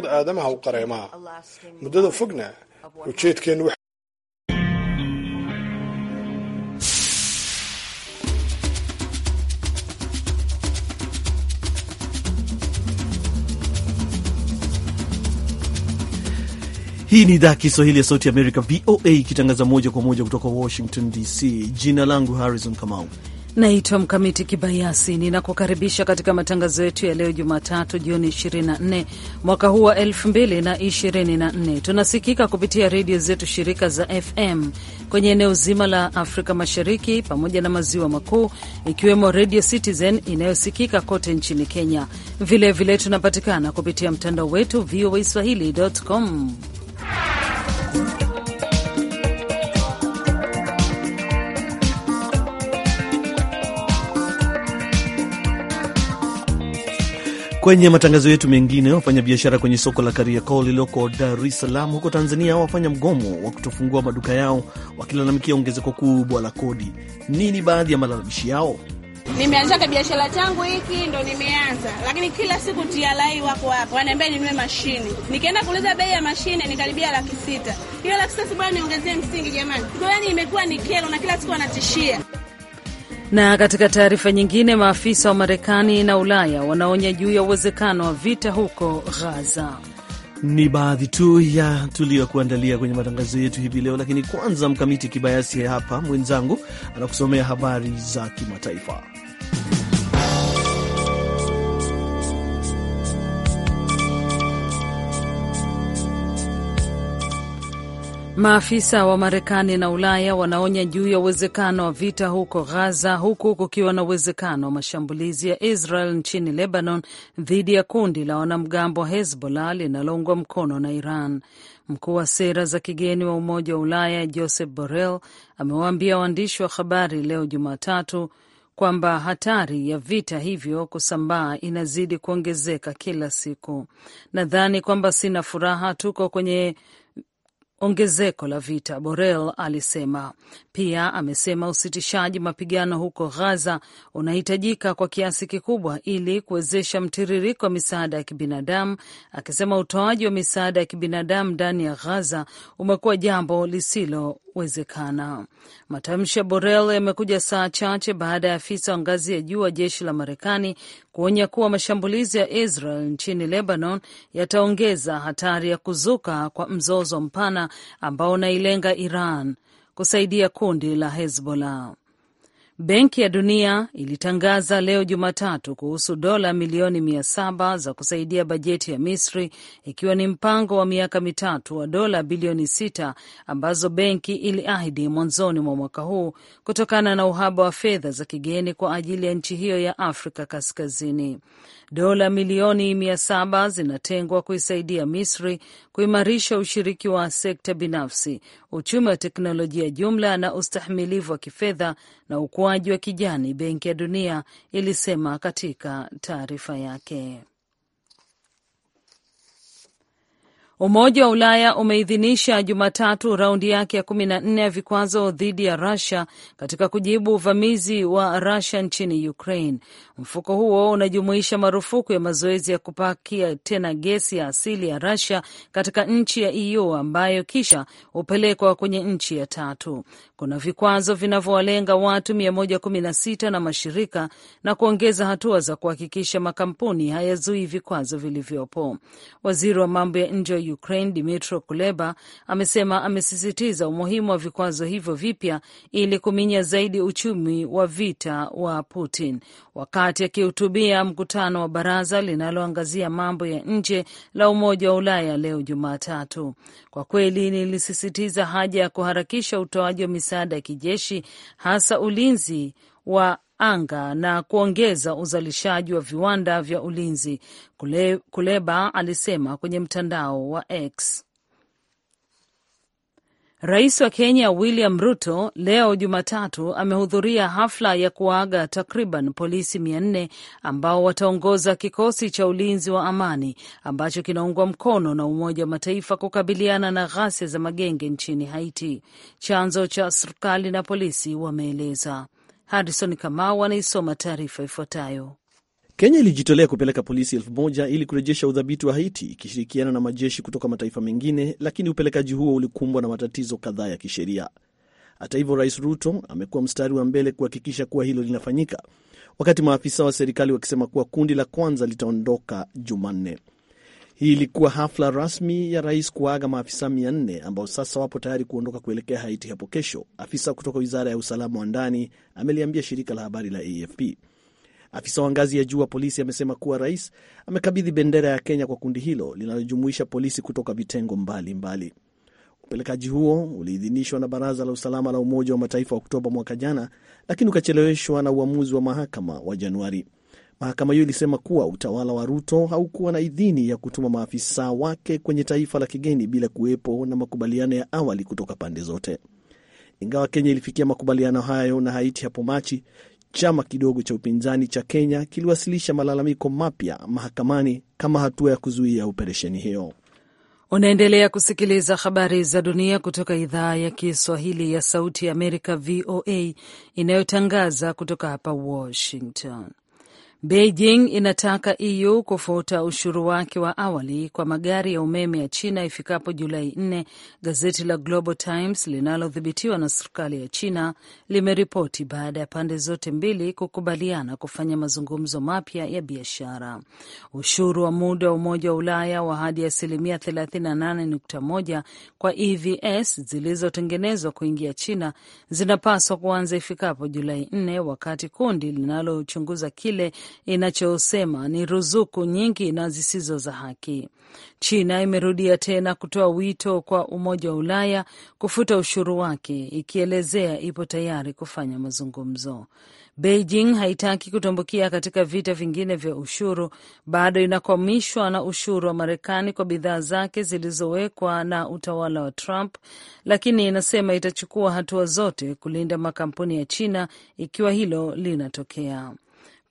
aadamaha u qareema muddada fogna ujeedkeennu Hii ni idhaa ya Kiswahili ya Sauti ya Amerika, VOA, ikitangaza moja kwa moja kutoka Washington DC. Jina langu Harrison Kamau Naitwa Mkamiti Kibayasi, ninakukaribisha katika matangazo yetu ya leo Jumatatu Juni 24 mwaka huu wa 2024. Tunasikika kupitia redio zetu shirika za FM kwenye eneo zima la Afrika Mashariki pamoja na Maziwa Makuu, ikiwemo Radio Citizen inayosikika kote nchini Kenya. Vilevile vile tunapatikana kupitia mtandao wetu VOA swahili.com Kwenye matangazo yetu mengine, wafanya biashara kwenye soko la Kariakoo lililoko Dar es Salaam huko Tanzania wafanya mgomo wa kutofungua maduka yao wakilalamikia ongezeko kubwa la kodi. Nini baadhi ya malalamishi yao? Nimeanzaga biashara changu hiki ndo nimeanza, lakini kila siku tialai wako hapo, wanaambia ninunue mashine. Nikienda kuuliza bei ya mashine nikaribia laki sita. Hiyo laki sita bwana, niongezee msingi jamani. Kwa imekuwa ni kero na kila siku wanatishia na katika taarifa nyingine, maafisa wa Marekani na Ulaya wanaonya juu ya uwezekano wa vita huko Gaza. Ni baadhi tu ya tuliyokuandalia kwenye matangazo yetu hivi leo, lakini kwanza Mkamiti Kibayasi hapa mwenzangu anakusomea habari za kimataifa. Maafisa wa Marekani na Ulaya wanaonya juu ya uwezekano wa vita huko Gaza, huku kukiwa na uwezekano wa mashambulizi ya Israel nchini Lebanon dhidi ya kundi la wanamgambo wa Hezbollah linaloungwa mkono na Iran. Mkuu wa sera za kigeni wa Umoja wa Ulaya Joseph Borrell amewaambia waandishi wa habari leo Jumatatu kwamba hatari ya vita hivyo kusambaa inazidi kuongezeka kila siku. Nadhani kwamba sina furaha, tuko kwenye ongezeko la vita, Borrell alisema. Pia amesema usitishaji mapigano huko Gaza unahitajika kwa kiasi kikubwa ili kuwezesha mtiririko wa misaada ya kibinadamu, akisema utoaji wa misaada ya kibinadamu ndani ya Gaza umekuwa jambo lisilo kuwezekana. Matamshi ya Borel yamekuja saa chache baada ya afisa wa ngazi ya juu wa jeshi la Marekani kuonya kuwa mashambulizi ya Israel nchini Lebanon yataongeza hatari ya kuzuka kwa mzozo mpana ambao unailenga Iran kusaidia kundi la Hezbollah. Benki ya Dunia ilitangaza leo Jumatatu kuhusu dola milioni mia saba za kusaidia bajeti ya Misri, ikiwa ni mpango wa miaka mitatu wa dola bilioni sita ambazo benki iliahidi mwanzoni mwa mwaka huu kutokana na uhaba wa fedha za kigeni kwa ajili ya nchi hiyo ya Afrika Kaskazini. Dola milioni mia saba zinatengwa kuisaidia Misri kuimarisha ushiriki wa sekta binafsi, uchumi wa teknolojia jumla na ustahimilivu wa kifedha na ukuaji mauaji wa kijani, Benki ya Dunia ilisema katika taarifa yake. Umoja wa Ulaya umeidhinisha Jumatatu raundi yake ya kumi na nne ya vikwazo dhidi ya Rusia katika kujibu uvamizi wa Rusia nchini Ukraine. Mfuko huo unajumuisha marufuku ya mazoezi ya kupakia tena gesi ya asili ya Rusia katika nchi ya EU ambayo kisha hupelekwa kwenye nchi ya tatu. Kuna vikwazo vinavyowalenga watu 116 na mashirika na kuongeza hatua za kuhakikisha makampuni hayazui vikwazo vilivyopo. Waziri wa mambo ya nje Ukraine Dmytro Kuleba amesema amesisitiza umuhimu wa vikwazo hivyo vipya ili kuminya zaidi uchumi wa vita wa Putin wakati akihutubia mkutano wa baraza linaloangazia mambo ya nje la Umoja wa Ulaya leo Jumatatu. Kwa kweli nilisisitiza haja ya kuharakisha utoaji wa misaada ya kijeshi hasa ulinzi wa anga na kuongeza uzalishaji wa viwanda vya ulinzi, Kule, Kuleba alisema kwenye mtandao wa X. Rais wa Kenya William Ruto leo Jumatatu amehudhuria hafla ya kuaga takriban polisi mia nne ambao wataongoza kikosi cha ulinzi wa amani ambacho kinaungwa mkono na Umoja wa Mataifa kukabiliana na ghasia za magenge nchini Haiti, chanzo cha serikali na polisi wameeleza. Harrison Kamau anaisoma taarifa ifuatayo. Kenya ilijitolea kupeleka polisi elfu moja ili kurejesha udhabiti wa Haiti ikishirikiana na majeshi kutoka mataifa mengine, lakini upelekaji huo ulikumbwa na matatizo kadhaa ya kisheria. Hata hivyo, Rais Ruto amekuwa mstari wa mbele kuhakikisha kuwa hilo linafanyika, wakati maafisa wa serikali wakisema kuwa kundi la kwanza litaondoka Jumanne. Hii ilikuwa hafla rasmi ya rais kuaga maafisa nne ambao sasa wapo tayari kuondoka kuelekea Haiti hapo kesho, afisa kutoka wizara ya usalama wa ndani ameliambia shirika la habari la AFP. Afisa wa ngazi ya juu wa polisi amesema kuwa rais amekabidhi bendera ya Kenya kwa kundi hilo linalojumuisha polisi kutoka vitengo mbalimbali. Upelekaji huo uliidhinishwa na Baraza la Usalama la Umoja wa Mataifa Oktoba mwaka jana, lakini ukacheleweshwa na uamuzi wa mahakama wa Januari. Mahakama hiyo ilisema kuwa utawala wa Ruto haukuwa na idhini ya kutuma maafisa wake kwenye taifa la kigeni bila kuwepo na makubaliano ya awali kutoka pande zote. Ingawa Kenya ilifikia makubaliano hayo na Haiti hapo Machi, chama kidogo cha upinzani cha Kenya kiliwasilisha malalamiko mapya mahakamani kama hatua ya kuzuia operesheni hiyo. Unaendelea kusikiliza habari za dunia kutoka idhaa ya Kiswahili ya Sauti ya Amerika, VOA, inayotangaza kutoka hapa Washington. Beijing inataka EU kufuta ushuru wake wa awali kwa magari ya umeme ya China ifikapo Julai 4, gazeti la Global Times linalodhibitiwa na serikali ya China limeripoti baada ya pande zote mbili kukubaliana kufanya mazungumzo mapya ya biashara. Ushuru wa muda wa Umoja wa Ulaya wa hadi asilimia 38.1 kwa EVs zilizotengenezwa kuingia China zinapaswa kuanza ifikapo Julai 4, wakati kundi linalochunguza kile inachosema ni ruzuku nyingi na zisizo za haki. China imerudia tena kutoa wito kwa Umoja wa Ulaya kufuta ushuru wake, ikielezea ipo tayari kufanya mazungumzo. Beijing haitaki kutumbukia katika vita vingine vya ushuru, bado inakwamishwa na ushuru wa Marekani kwa bidhaa zake zilizowekwa na utawala wa Trump, lakini inasema itachukua hatua zote kulinda makampuni ya China ikiwa hilo linatokea.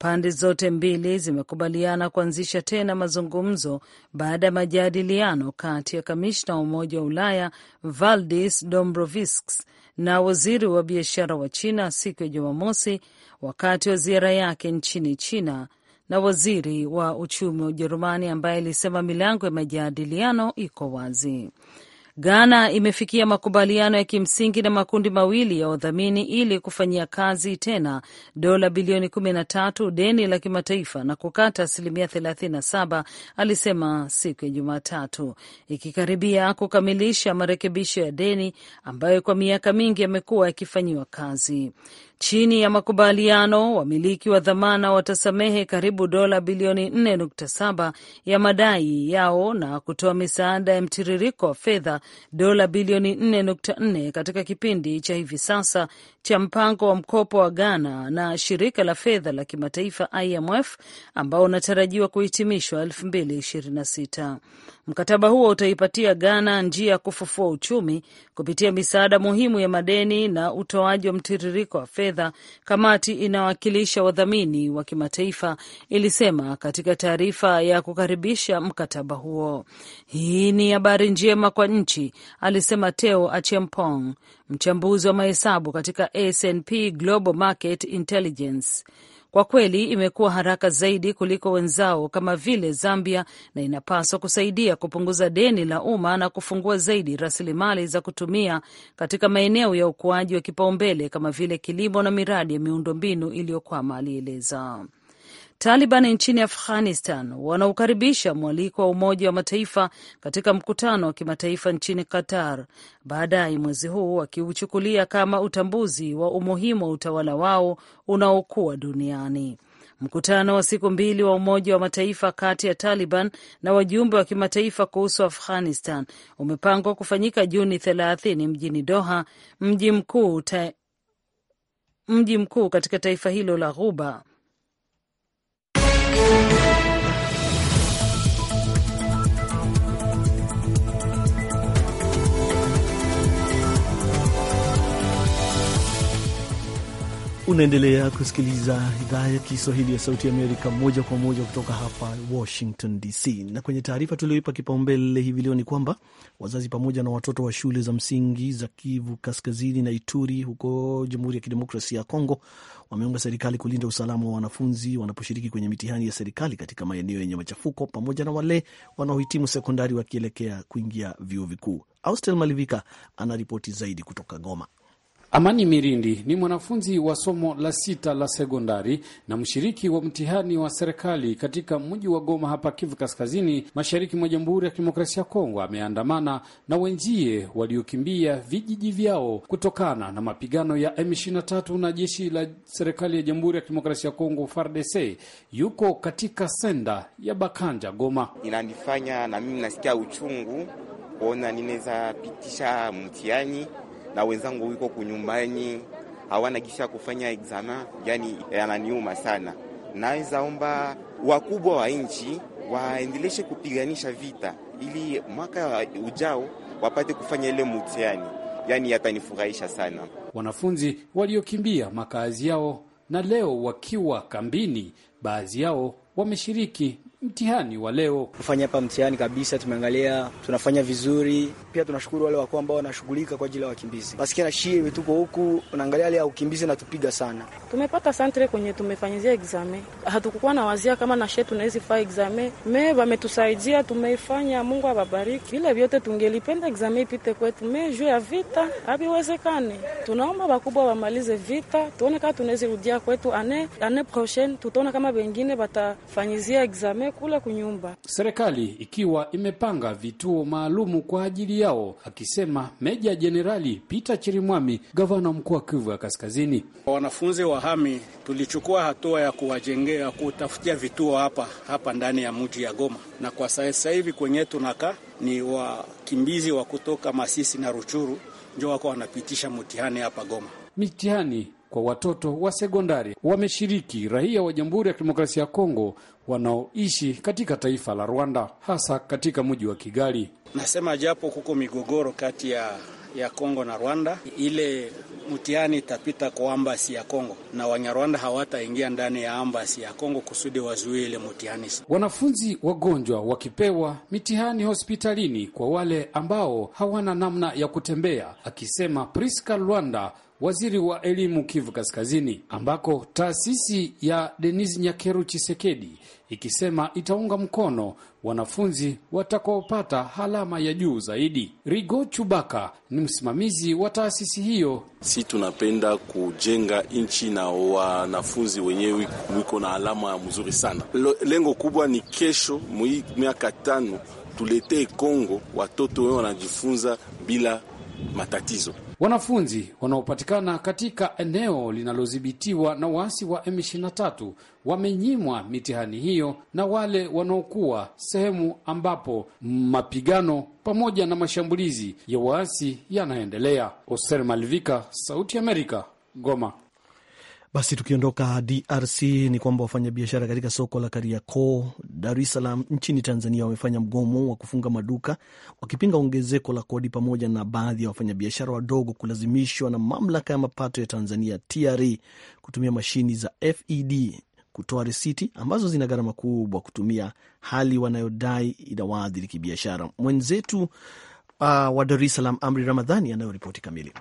Pande zote mbili zimekubaliana kuanzisha tena mazungumzo baada ya majadiliano kati ya kamishna wa Umoja wa Ulaya Valdis Dombrovskis na waziri wa biashara wa China siku ya Jumamosi wakati wa ziara yake nchini China na waziri wa uchumi wa Ujerumani ambaye alisema milango ya majadiliano iko wazi. Ghana imefikia makubaliano ya kimsingi na makundi mawili ya wadhamini ili kufanyia kazi tena dola bilioni 13 deni la kimataifa na kukata asilimia 37, alisema siku ya Jumatatu, ikikaribia kukamilisha marekebisho ya deni ambayo kwa miaka mingi yamekuwa yakifanyiwa kazi. Chini ya makubaliano, wamiliki wa dhamana watasamehe karibu dola bilioni 4.7 ya madai yao na kutoa misaada ya mtiririko wa fedha dola bilioni 4.4 katika kipindi cha hivi sasa cha mpango wa mkopo wa Ghana na shirika la fedha la kimataifa IMF ambao unatarajiwa kuhitimishwa 2026. Mkataba huo utaipatia Ghana njia ya kufufua uchumi kupitia misaada muhimu ya madeni na utoaji wa mtiririko wa fedha, kamati inawakilisha wadhamini wa kimataifa ilisema katika taarifa ya kukaribisha mkataba huo. Hii ni habari njema kwa nchi, alisema Teo achempong mchambuzi wa mahesabu katika snp Global Market Intelligence. Kwa kweli imekuwa haraka zaidi kuliko wenzao kama vile Zambia, na inapaswa kusaidia kupunguza deni la umma na kufungua zaidi rasilimali za kutumia katika maeneo ya ukuaji wa kipaumbele kama vile kilimo na miradi ya miundombinu iliyokwama, alieleza. Taliban nchini Afghanistan wanaukaribisha mwaliko wa Umoja wa Mataifa katika mkutano wa kimataifa nchini Qatar baadaye mwezi huu, wakiuchukulia kama utambuzi wa umuhimu wa utawala wao unaokuwa duniani. Mkutano wa siku mbili wa Umoja wa Mataifa kati ya Taliban na wajumbe wa kimataifa kuhusu Afghanistan umepangwa kufanyika Juni 30 mjini Doha, mji mkuu ta... mji mkuu katika taifa hilo la Ghuba. Unaendelea kusikiliza idhaa ya Kiswahili ya Sauti Amerika moja kwa moja kutoka hapa Washington DC. Na kwenye taarifa tulioipa kipaumbele hivi leo ni kwamba wazazi pamoja na watoto wa shule za msingi za Kivu Kaskazini na Ituri huko Jamhuri ya Kidemokrasia ya Kongo wameomba serikali kulinda usalama wa wanafunzi wanaposhiriki kwenye mitihani ya serikali katika maeneo yenye machafuko, pamoja na wale wanaohitimu sekondari wakielekea kuingia vyuo vikuu. Austel Malivika anaripoti zaidi kutoka Goma. Amani Mirindi ni mwanafunzi wa somo la sita la sekondari na mshiriki wa mtihani wa serikali katika mji wa Goma hapa Kivu Kaskazini, mashariki mwa Jamhuri ya Kidemokrasia ya Kongo. Ameandamana na wenzie waliokimbia vijiji vyao kutokana na mapigano ya M23 na jeshi la serikali ya Jamhuri ya Kidemokrasia ya Kongo, FARDC. Yuko katika senda ya Bakanja, Goma. Inanifanya na mimi nasikia uchungu kuona ninaweza pitisha mtihani na wenzangu wiko kunyumbani hawana gisha kufanya exama, yani yananiuma sana. Naweza omba wakubwa wa nchi waendeleshe kupiganisha vita ili mwaka ujao wapate kufanya ile mtihani, yani yatanifurahisha sana. Wanafunzi waliokimbia makazi yao na leo wakiwa kambini, baadhi yao wameshiriki mtihani wa leo. Kufanya hapa mtihani kabisa, tumeangalia tunafanya vizuri. Pia tunashukuru wale wakuu ambao wanashughulika kwa ajili ya wakimbizi. Basikia na shie tuko huku, unaangalia hali ya ukimbizi natupiga sana. Tumepata santre kwenye tumefanyizia exame, hatukukuwa na wazia kama na nashe tunawezi faa exame me wametusaidia, tumeifanya. Mungu awabariki. Vile vyote tungelipenda exame ipite kwetu, me juu ya vita haviwezekani. Tunaomba wakubwa wamalize vita, tuone kama tunawezi rudia kwetu ane ane prochaine, tutaona kama wengine watafanyizia exame kula kunyumba. Serikali ikiwa imepanga vituo maalumu kwa ajili yao, akisema Meja Jenerali Peter Chirimwami, gavana mkuu wa Kivu ya Kaskazini. Wanafunzi wa hami tulichukua hatua ya kuwajengea kutafutia vituo hapa hapa ndani ya mji ya Goma, na kwa sasa hivi kwenye tunakaa ni wakimbizi wa kutoka Masisi na Ruchuru ndio wako wanapitisha mtihani hapa Goma. Mitihani kwa watoto wa sekondari wameshiriki raia wa Jamhuri ya Kidemokrasia ya Kongo wanaoishi katika taifa la Rwanda, hasa katika mji wa Kigali. Nasema japo kuko migogoro kati ya ya Kongo na Rwanda, ile mtihani itapita kwa ambasi ya Kongo na Wanyarwanda hawataingia ndani ya ambasi ya Kongo kusudi wazuie ile mtihani. Wanafunzi wagonjwa wakipewa mitihani hospitalini kwa wale ambao hawana namna ya kutembea, akisema Priska Rwanda waziri wa elimu Kivu Kaskazini, ambako taasisi ya Denis Nyakeru Chisekedi ikisema itaunga mkono wanafunzi watakaopata alama ya juu zaidi. Rigo Chubaka ni msimamizi wa taasisi hiyo. Si tunapenda kujenga nchi na wanafunzi wenyewe wiko na alama mzuri sana. Lengo kubwa ni kesho, miaka tano, tuletee Kongo watoto wenye wanajifunza bila matatizo Wanafunzi wanaopatikana katika eneo linalodhibitiwa na waasi wa M23 wamenyimwa mitihani hiyo na wale wanaokuwa sehemu ambapo mapigano pamoja na mashambulizi ya waasi yanaendelea. Oser malivika Sauti ya Amerika, Goma. Basi tukiondoka DRC ni kwamba wafanyabiashara katika soko la Kariakoo, Dar es Salaam nchini Tanzania wamefanya mgomo wa kufunga maduka wakipinga ongezeko la kodi pamoja na baadhi ya wafanyabiashara wadogo kulazimishwa na mamlaka ya mapato ya Tanzania TRA e, kutumia mashini za FED kutoa risiti ambazo zina gharama kubwa kutumia, hali wanayodai inawaadhiri kibiashara. Mwenzetu uh, wa Dar es Salaam Amri Ramadhani anayoripoti kamili.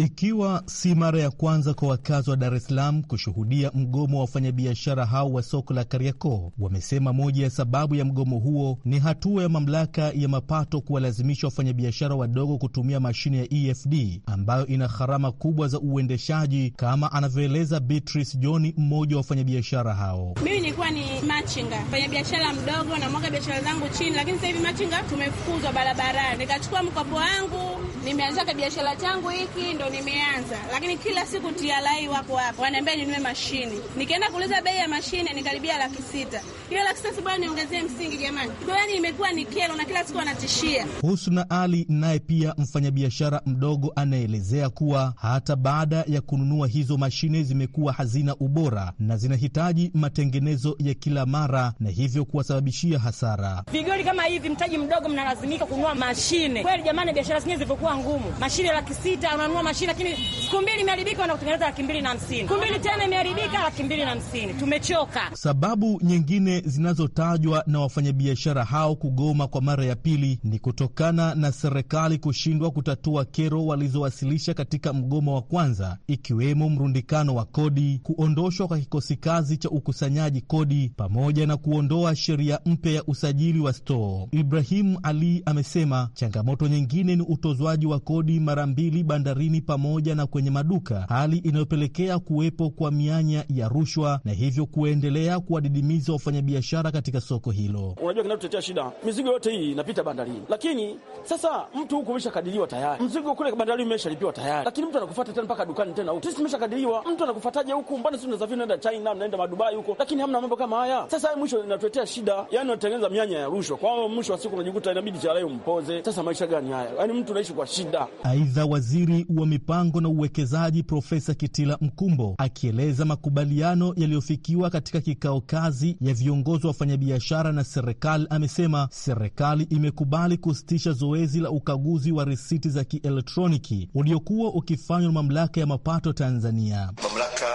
Ikiwa si mara ya kwanza kwa wakazi wa Dar es Salaam kushuhudia mgomo wa wafanyabiashara hao wa soko la Kariakoo, wamesema moja ya sababu ya mgomo huo ni hatua ya mamlaka ya mapato kuwalazimisha wafanyabiashara wadogo kutumia mashine ya EFD ambayo ina gharama kubwa za uendeshaji, kama anavyoeleza Beatrice John, mmoja wa wafanyabiashara hao. Mimi nilikuwa ni machinga, mfanyabiashara mdogo namwaga biashara zangu chini, lakini sasa hivi machinga tumefukuzwa barabarani. Nikachukua mkopo wangu, nimeanzaka biashara changu hiki ndo nimeanza, lakini kila siku TRA wako hapo, wananiambia ninunue mashine. Nikienda kuuliza bei ya mashine nikaribia laki sita ile la bwana, niongezee msingi jamani. Kwa yani imekuwa ni kero na kila siku wanatishia. Husna Ali naye pia mfanyabiashara mdogo anaelezea kuwa hata baada ya kununua hizo mashine zimekuwa hazina ubora na zinahitaji matengenezo ya kila mara na hivyo kuwasababishia hasara. Vigoli kama hivi, mtaji mdogo, mnalazimika kununua mashine. Kweli jamani, biashara zingine zilivyokuwa ngumu. Mashine laki sita unanunua mashine, lakini siku mbili imeharibika, wanakutengeneza laki mbili na hamsini. Siku mbili tena imeharibika, laki mbili na hamsini. Tumechoka. Sababu nyingine zinazotajwa na wafanyabiashara hao kugoma kwa mara ya pili ni kutokana na serikali kushindwa kutatua kero walizowasilisha katika mgomo wa kwanza, ikiwemo mrundikano wa kodi, kuondoshwa kwa kikosi kazi cha ukusanyaji kodi, pamoja na kuondoa sheria mpya ya usajili wa stoo. Ibrahimu Ali amesema changamoto nyingine ni utozwaji wa kodi mara mbili bandarini pamoja na kwenye maduka, hali inayopelekea kuwepo kwa mianya ya rushwa na hivyo kuendelea kuwadidimiza wafanya biashara katika soko hilo. Unajua kinachotetea shida, mizigo yote hii inapita bandarini, lakini sasa mtu huku umeshakadiriwa tayari, mzigo kule bandarini umeshalipiwa tayari, lakini mtu anakufata tena mpaka dukani tena huku. Sisi tumeshakadiriwa, mtu anakufataje huku? Mbona sisi tunasafiri naenda China, naenda madubai huko, lakini hamna mambo kama haya. Sasa mwisho inatuletea shida, yani unatengeneza mianya ya rushwa. Kwa hiyo mwisho wa siku unajikuta inabidi cha umpoze. Sasa maisha gani haya? Yani mtu unaishi kwa shida. Aidha, waziri wa mipango na uwekezaji Profesa Kitila Mkumbo akieleza makubaliano yaliyofikiwa katika kikao kazi ya viongozi kiongozi wa wafanyabiashara na serikali amesema serikali imekubali kusitisha zoezi la ukaguzi wa risiti za kielektroniki uliokuwa ukifanywa na mamlaka ya mapato Tanzania. Mamlaka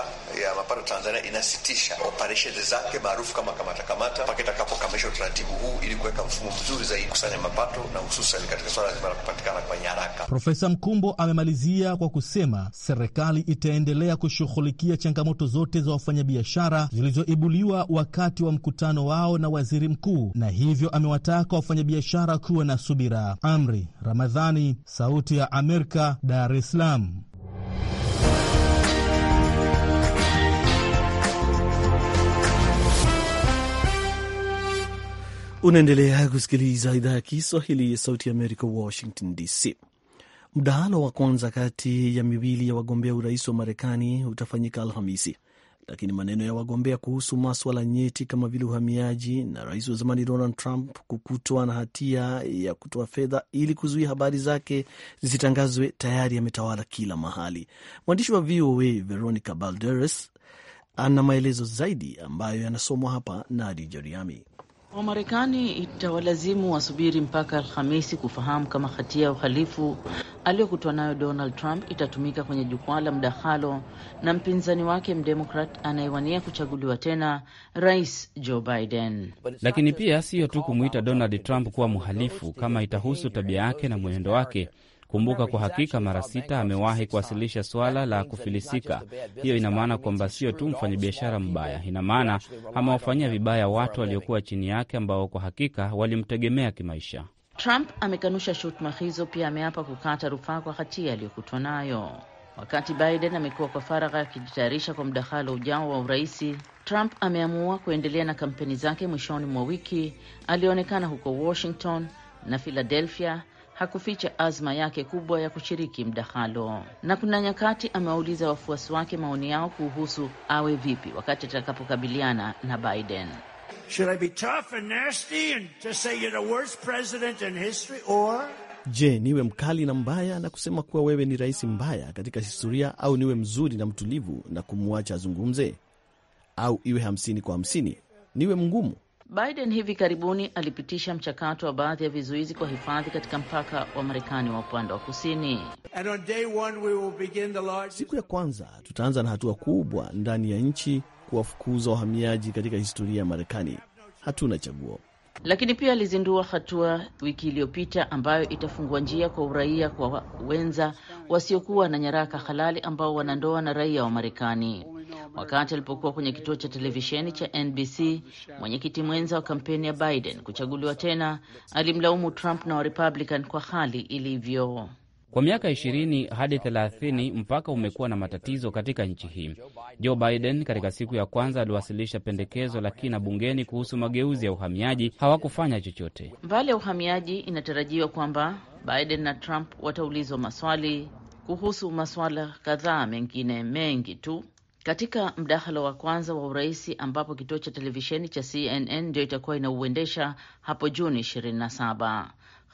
ya mapato Tanzania inasitisha operesheni zake maarufu kama kamatakamata paketa kuboresha utaratibu huu ili kuweka mfumo mzuri zaidi kusanya mapato na hususan katika swala zima la kupatikana kwa nyaraka. Profesa Mkumbo amemalizia kwa kusema serikali itaendelea kushughulikia changamoto zote za wafanyabiashara zilizoibuliwa wakati wa mkutano wao na waziri mkuu, na hivyo amewataka wafanyabiashara kuwa na subira. Amri Ramadhani, Sauti ya Amerika, Dar es Salaam. Unaendelea kusikiliza idhaa ya Kiswahili ya Sauti ya Amerika, Washington DC. Mdahalo wa kwanza kati ya miwili ya wagombea urais wa Marekani utafanyika Alhamisi, lakini maneno ya wagombea kuhusu maswala nyeti kama vile uhamiaji na rais wa zamani Donald Trump kukutwa na hatia ya kutoa fedha ili kuzuia habari zake zisitangazwe tayari yametawala kila mahali. Mwandishi wa VOA Veronica Balderas ana maelezo zaidi ambayo yanasomwa hapa na Adi Jeriami. Wamarekani itawalazimu wasubiri mpaka Alhamisi kufahamu kama hatia ya uhalifu aliyokutwa nayo Donald Trump itatumika kwenye jukwaa la mdahalo na mpinzani wake mdemokrat anayewania kuchaguliwa tena, Rais Joe Biden. Lakini pia siyo tu kumwita Donald Trump kuwa mhalifu, kama itahusu tabia yake na mwenendo wake Kumbuka, kwa hakika mara sita amewahi kuwasilisha swala la kufilisika. Hiyo ina maana kwamba sio tu mfanyabiashara mbaya, ina maana amewafanyia vibaya watu waliokuwa chini yake ambao kwa hakika walimtegemea kimaisha. Trump amekanusha shutuma hizo, pia ameapa kukata rufaa kwa hatia aliyokutwa nayo. Wakati Biden amekuwa kwa faragha akijitayarisha kwa mdahalo ujao wa uraisi, Trump ameamua kuendelea na kampeni zake. Mwishoni mwa wiki alionekana huko Washington na Philadelphia hakuficha azma yake kubwa ya kushiriki mdahalo, na kuna nyakati amewauliza wafuasi wake maoni yao kuhusu awe vipi wakati atakapokabiliana na Biden. Je, niwe mkali na mbaya na kusema kuwa wewe ni rais mbaya katika historia, au niwe mzuri na mtulivu na kumwacha azungumze, au iwe hamsini kwa hamsini, niwe mgumu Biden hivi karibuni alipitisha mchakato wa baadhi ya vizuizi kwa hifadhi katika mpaka wa Marekani wa upande wa kusini. Siku ya kwanza tutaanza na hatua kubwa ndani ya nchi kuwafukuza wahamiaji katika historia ya Marekani. Hatuna chaguo. Lakini pia alizindua hatua wiki iliyopita ambayo itafungua njia kwa uraia kwa wenza wasiokuwa na nyaraka halali ambao wanandoa na raia wa Marekani. Wakati alipokuwa kwenye kituo cha televisheni cha NBC, mwenyekiti mwenza wa kampeni ya Biden kuchaguliwa tena alimlaumu Trump na Warepublican kwa hali ilivyo kwa miaka 20 hadi 30 mpaka umekuwa na matatizo katika nchi hii. Joe Biden katika siku ya kwanza aliwasilisha pendekezo la kina bungeni kuhusu mageuzi ya uhamiaji, hawakufanya chochote. Mbali ya uhamiaji, inatarajiwa kwamba Biden na Trump wataulizwa maswali kuhusu masuala kadhaa mengine mengi tu katika mdahalo wa kwanza wa urais ambapo kituo cha televisheni cha CNN ndio itakuwa inauendesha hapo Juni 27.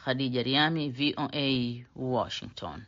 Khadija Riami, VOA Washington.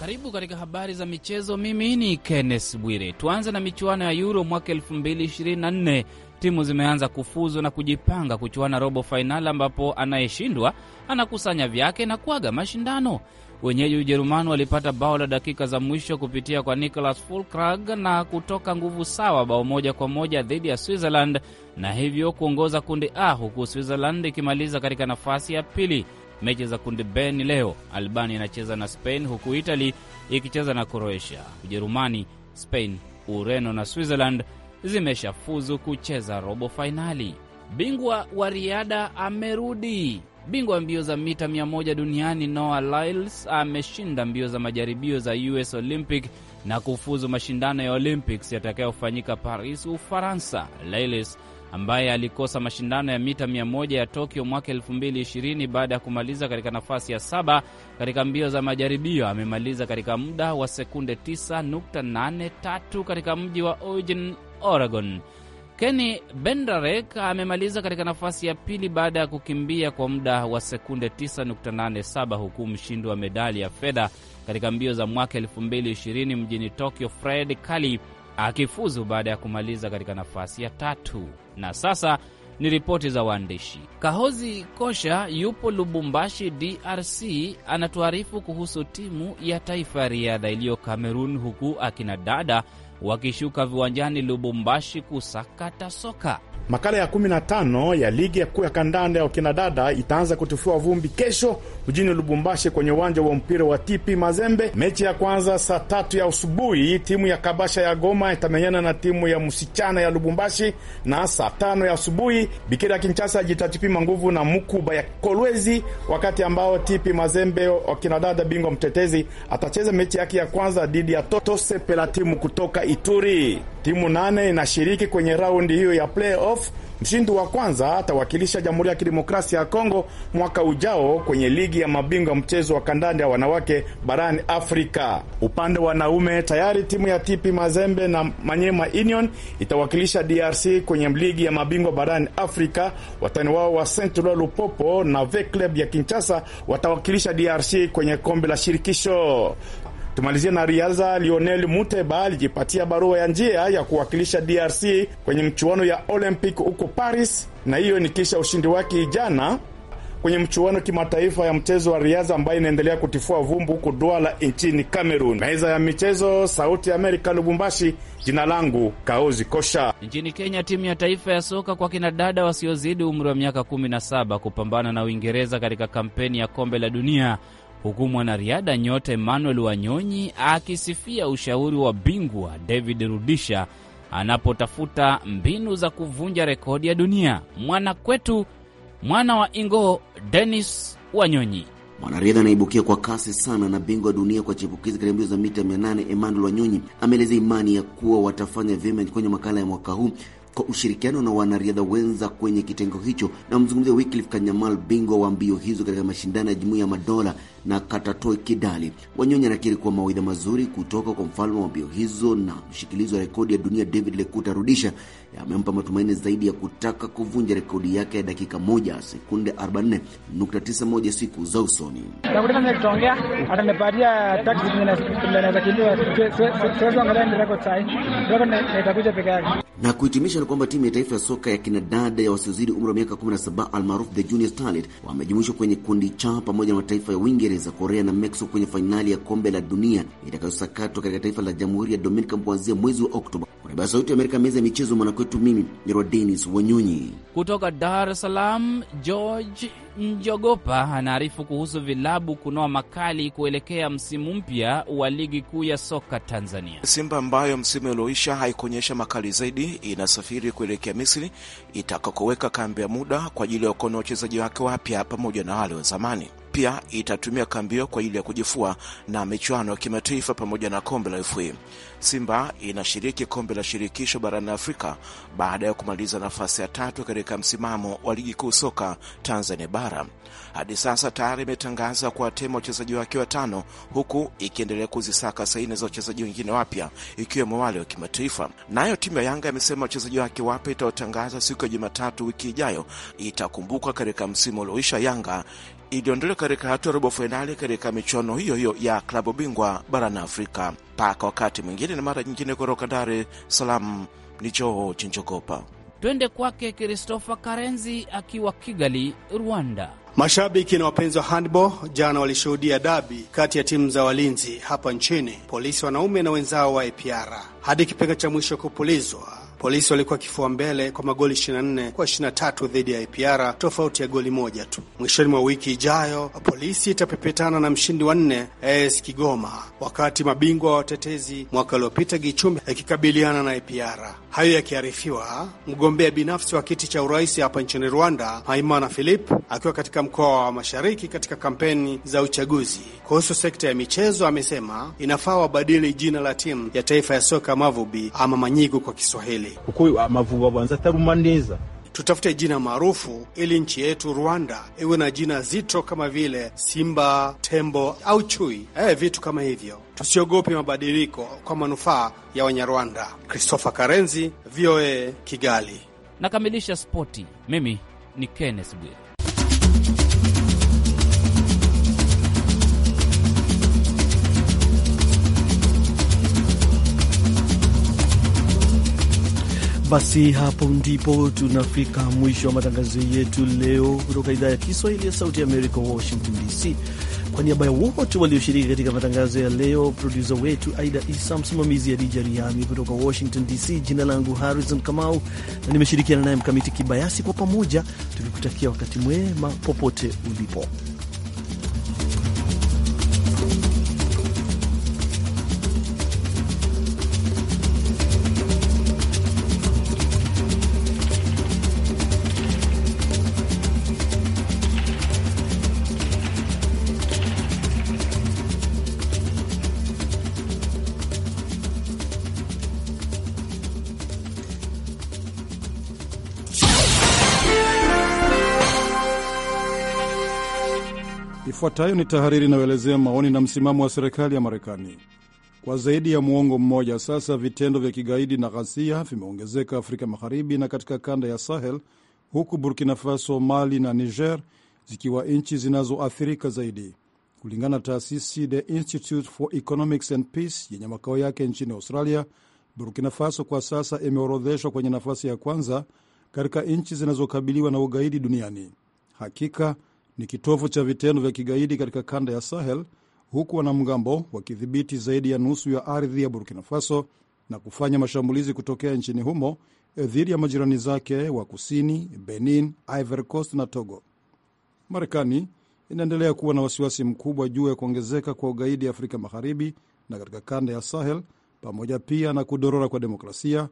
Karibu katika habari za michezo. Mimi ni Kenneth Bwire. Tuanze na michuano ya Euro mwaka 2024. Timu zimeanza kufuzu na kujipanga kuchuana robo fainali, ambapo anayeshindwa anakusanya vyake na kuaga mashindano. Wenyeji Ujerumani walipata bao la dakika za mwisho kupitia kwa nicolas Fulkrag na kutoka nguvu sawa bao moja kwa moja dhidi ya Switzerland na hivyo kuongoza kundi A, huku Switzerland ikimaliza katika nafasi ya pili. Mechi za kundi B ni leo. Albania inacheza na Spain huku Italy ikicheza na Croatia. Ujerumani, Spain, Ureno na Switzerland zimeshafuzu kucheza robo fainali. Bingwa wa riada amerudi. Bingwa wa mbio za mita 100 duniani Noah Lyles ameshinda mbio za majaribio za US Olympic na kufuzu mashindano ya Olympics yatakayofanyika Paris, Ufaransa. Lyles ambaye alikosa mashindano ya mita 100 ya Tokyo mwaka 2020 baada ya kumaliza katika nafasi ya saba katika mbio za majaribio, amemaliza katika muda wa sekunde 9.83 katika mji wa Eugene, Oregon. Keni Bendarek amemaliza katika nafasi ya pili baada ya kukimbia kwa muda wa sekunde 9.87 huku mshindi wa medali ya fedha katika mbio za mwaka 2020 mjini Tokyo, Fred Kali akifuzu baada ya kumaliza katika nafasi ya tatu. Na sasa ni ripoti za waandishi. Kahozi Kosha yupo Lubumbashi, DRC, anatuarifu kuhusu timu ya taifa ya riadha iliyo Kamerun, huku akina dada wakishuka viwanjani Lubumbashi kusakata soka. Makala ya 15 ya ligi ya kuu ya kandanda ya wakinadada itaanza kutufua vumbi kesho mjini Lubumbashi kwenye uwanja wa mpira wa TP Mazembe. Mechi ya kwanza saa tatu ya asubuhi timu ya Kabasha ya Goma itamenyana na timu ya msichana ya Lubumbashi, na saa tano ya asubuhi Bikira ya Kinshasa jitatipima nguvu na Mukuba ya Kolwezi, wakati ambao TP Mazembe wakinadada bingwa mtetezi atacheza mechi yake ya kwanza dhidi ya Totose timu kutoka Ituri. Timu nane inashiriki kwenye raundi hiyo ya playoff Golf, mshindi wa kwanza atawakilisha Jamhuri ya Kidemokrasia ya Kongo mwaka ujao kwenye ligi ya mabingwa mchezo wa kandanda ya wanawake barani Afrika. Upande wa wanaume, tayari timu ya TP Mazembe na Manyema Union itawakilisha DRC kwenye ligi ya mabingwa barani Afrika. Watani wao wa Central Lupopo na V Club ya Kinshasa watawakilisha DRC kwenye kombe la shirikisho. Tumalizie na riadha. Lionel Muteba alijipatia barua ya njia ya kuwakilisha DRC kwenye mchuano ya Olympic huko Paris, na hiyo ni kisha ushindi wake jana kwenye mchuano kimataifa ya mchezo wa riadha ambayo inaendelea kutifua vumbu huko Duala nchini Cameroon. Meza ya michezo, Sauti ya Amerika, Lubumbashi. Jina langu Kaozi Kosha. Nchini Kenya, timu ya taifa ya soka kwa kinadada wasiozidi umri wa miaka 17 kupambana na Uingereza katika kampeni ya kombe la dunia huku mwanariadha nyota Emmanuel Wanyonyi akisifia ushauri wa bingwa David Rudisha anapotafuta mbinu za kuvunja rekodi ya dunia. Mwana kwetu mwana wa Ingo denis Wanyonyi, mwanariadha anaibukia kwa kasi sana na bingwa wa dunia kwa chipukizi katika mbio za mita 800 Emmanuel Wanyonyi ameeleza imani ya kuwa watafanya vyema kwenye makala ya mwaka huu kwa ushirikiano na wanariadha wenza kwenye kitengo hicho. Na mzungumzia Wycliffe kanyamal bingwa wa mbio hizo katika mashindano ya Jumuiya ya Madola na Katatoi Kidali. Wanyonyi anakiri kuwa mawaidha mazuri kutoka kwa mfalme wa mbio hizo na mshikilizi wa rekodi ya dunia David Lekuta Rudisha yamempa matumaini zaidi ya kutaka kuvunja rekodi yake ya dakika moja sekunde 44.91 siku za usoni. Na kuhitimisha ni kwamba timu ya taifa ya soka ya kinadada ya wasiozidi umri wa miaka 17 almaarufu the Junior Starlet wamejumuishwa kwenye kundi cha pamoja na mataifa ya wingi Uingereza, Korea na Mexico kwenye fainali ya kombe la dunia itakayosakatwa katika taifa la Jamhuri ya Dominica kuanzia mwezi wa Oktoba. Kwa ya Sauti ya Amerika, meza ya michezo, mwanakwetu mimi Nyerwa Denis Wanyonyi kutoka Dar es Salaam. George Njogopa anaarifu kuhusu vilabu kunoa makali kuelekea msimu mpya wa ligi kuu ya soka Tanzania. Simba ambayo msimu ulioisha haikuonyesha makali zaidi, inasafiri kuelekea Misri itakakoweka kambi ya muda kwa ajili ya kuona wachezaji wake wapya pamoja na wale wa zamani. Pia itatumia kambi hiyo kwa ajili ya kujifua na michuano ya kimataifa pamoja na kombe la FA. Simba inashiriki kombe la shirikisho barani Afrika baada ya kumaliza nafasi ya tatu katika msimamo wa ligi kuu soka Tanzania bara hadi sasa tayari imetangaza kuwatema wachezaji wake watano, huku ikiendelea kuzisaka saini za wachezaji wengine wapya ikiwemo wale wa kimataifa. Nayo timu ya Yanga imesema wachezaji wake wapya itawatangaza siku ya Jumatatu wiki ijayo. Itakumbuka katika msimu ulioisha Yanga iliondolewa katika hatua ya robo fainali katika michuano hiyo hiyo ya klabu bingwa barani Afrika. Mpaka wakati mwingine na mara nyingine, kutoka Dar es Salaam ni Joho Chinjogopa. Twende kwake Christopher Karenzi akiwa Kigali, Rwanda. Mashabiki na wapenzi wa handball jana walishuhudia dabi kati ya timu za walinzi hapa nchini, polisi wanaume na wenzao wa APR. Hadi kipenga cha mwisho kupulizwa, polisi walikuwa kifua mbele kwa magoli 24 kwa 23 dhidi ya APR, tofauti ya goli moja tu. Mwishoni mwa wiki ijayo, polisi itapepetana na mshindi wa nne AS Kigoma, wakati mabingwa wa watetezi mwaka uliopita Gichumbi akikabiliana na APR. Hayo yakiarifiwa, mgombea binafsi wa kiti cha urais hapa nchini Rwanda, Haimana Philip, akiwa katika mkoa wa Mashariki katika kampeni za uchaguzi. Kuhusu sekta ya michezo, amesema inafaa wabadili jina la timu ya taifa ya soka Mavubi ama Manyigu kwa Kiswahili. Kuko Mavubi taruma neza tutafute jina maarufu ili nchi yetu Rwanda iwe na jina zito kama vile simba, tembo au chui, eh, vitu kama hivyo. Tusiogope mabadiliko kwa manufaa ya Wanyarwanda. Christopher Karenzi, VOA Kigali. Nakamilisha spoti. Mimi ni Kenneth Bwire. Basi hapo ndipo tunafika mwisho wa matangazo yetu leo kutoka idhaa ya Kiswahili ya Sauti ya Amerika, Washington DC. Kwa niaba ya wote walioshiriki katika matangazo ya leo, produsa wetu Aida Isa, msimamizi ya Dija Riami kutoka Washington DC. Jina langu Harrison Kamau na nimeshirikiana naye Mkamiti Kibayasi. Kwa pamoja tukikutakia wakati mwema popote ulipo. Ifuatayo ni tahariri inayoelezea maoni na msimamo wa serikali ya Marekani. Kwa zaidi ya muongo mmoja sasa, vitendo vya kigaidi na ghasia vimeongezeka Afrika Magharibi na katika kanda ya Sahel, huku Burkina Faso, Mali na Niger zikiwa nchi zinazoathirika zaidi, kulingana na taasisi The Institute for Economics and Peace yenye makao yake nchini Australia. Burkina Faso kwa sasa imeorodheshwa kwenye nafasi ya kwanza katika nchi zinazokabiliwa na ugaidi duniani. Hakika ni kitovu cha vitendo vya kigaidi katika kanda ya Sahel, huku wanamgambo wakidhibiti zaidi ya nusu ya ardhi ya Burkina Faso na kufanya mashambulizi kutokea nchini humo eh, dhidi ya majirani zake wa kusini, Benin, Ivory Coast na Togo. Marekani inaendelea kuwa na wasiwasi mkubwa juu ya kuongezeka kwa ugaidi Afrika Magharibi na katika kanda ya Sahel, pamoja pia na kudorora kwa demokrasia,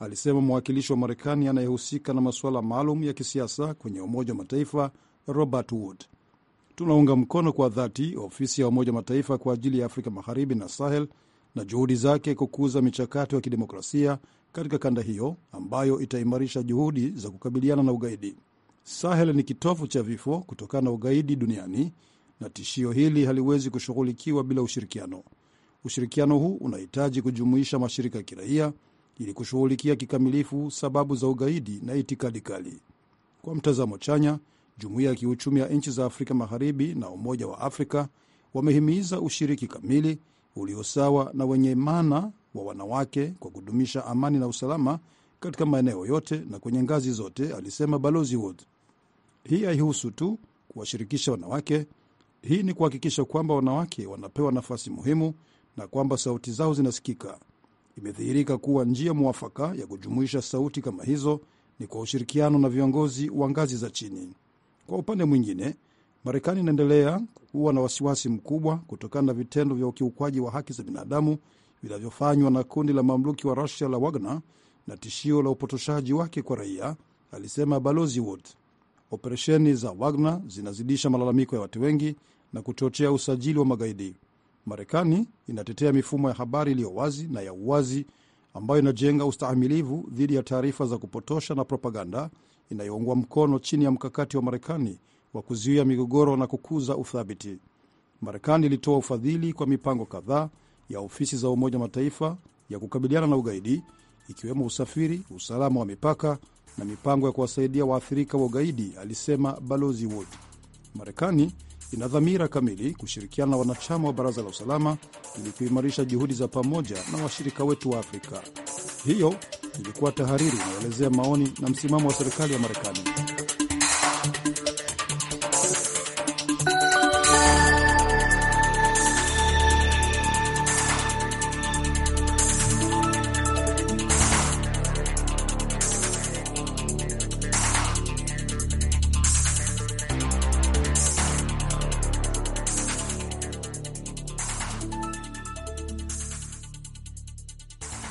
alisema mwakilishi wa Marekani anayehusika na masuala maalum ya kisiasa kwenye Umoja wa Mataifa Robert Wood. Tunaunga mkono kwa dhati ofisi ya Umoja Mataifa kwa ajili ya Afrika Magharibi na Sahel na juhudi zake kukuza michakato ya kidemokrasia katika kanda hiyo ambayo itaimarisha juhudi za kukabiliana na ugaidi. Sahel ni kitovu cha vifo kutokana na ugaidi duniani na tishio hili haliwezi kushughulikiwa bila ushirikiano. Ushirikiano huu unahitaji kujumuisha mashirika ya kiraia ili kushughulikia kikamilifu sababu za ugaidi na itikadi kali. Kwa mtazamo chanya, Jumuiya ya Kiuchumi ya Nchi za Afrika Magharibi na Umoja wa Afrika wamehimiza ushiriki kamili uliosawa na wenye maana wa wanawake kwa kudumisha amani na usalama katika maeneo yote na kwenye ngazi zote, alisema Balozi Wood. Hii haihusu tu kuwashirikisha wanawake, hii ni kuhakikisha kwamba wanawake wanapewa nafasi muhimu na kwamba sauti zao zinasikika. Imedhihirika kuwa njia mwafaka ya kujumuisha sauti kama hizo ni kwa ushirikiano na viongozi wa ngazi za chini. Kwa upande mwingine, Marekani inaendelea kuwa na wasiwasi mkubwa kutokana na vitendo vya ukiukwaji wa haki za binadamu vinavyofanywa na kundi la mamluki wa Rusia la Wagner na tishio la upotoshaji wake kwa raia, alisema Balozi Wood. Operesheni za Wagner zinazidisha malalamiko ya watu wengi na kuchochea usajili wa magaidi. Marekani inatetea mifumo ya habari iliyo wazi na ya uwazi ambayo inajenga ustahimilivu dhidi ya taarifa za kupotosha na propaganda inayoungwa mkono chini ya mkakati wa Marekani wa kuzuia migogoro na kukuza uthabiti. Marekani ilitoa ufadhili kwa mipango kadhaa ya ofisi za Umoja Mataifa ya kukabiliana na ugaidi ikiwemo usafiri, usalama wa mipaka na mipango ya kuwasaidia waathirika wa ugaidi, alisema Balozi Wood. Marekani ina dhamira kamili kushirikiana na wanachama wa Baraza la Usalama ili kuimarisha juhudi za pamoja na washirika wetu wa Afrika. Hiyo ilikuwa tahariri inayoelezea maoni na msimamo wa serikali ya Marekani.